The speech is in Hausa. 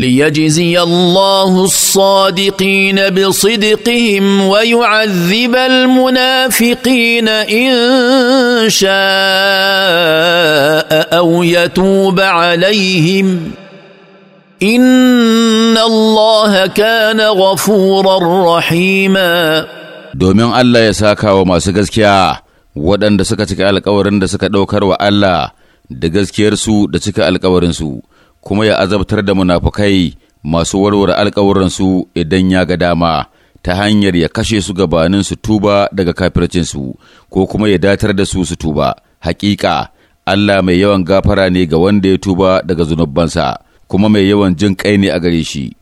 ليجزي الله الصادقين بصدقهم ويعذب المنافقين ان شاء او يتوب عليهم ان الله كان غفورا رحيما domin Allah ya saka wa masu gaskiya waɗanda suka cika alkawarin da suka ɗaukar wa Allah da gaskiyarsu da cika alkawarinsu. kuma ya azabtar da munafukai masu warware alkawuransu idan ya ga dama ta hanyar ya kashe su gabanin su tuba daga kafircinsu ko kuma ya datar da su su tuba hakika Allah mai yawan gafara ne ga wanda ya tuba daga zunubansa kuma mai yawan jin kai ne a gare shi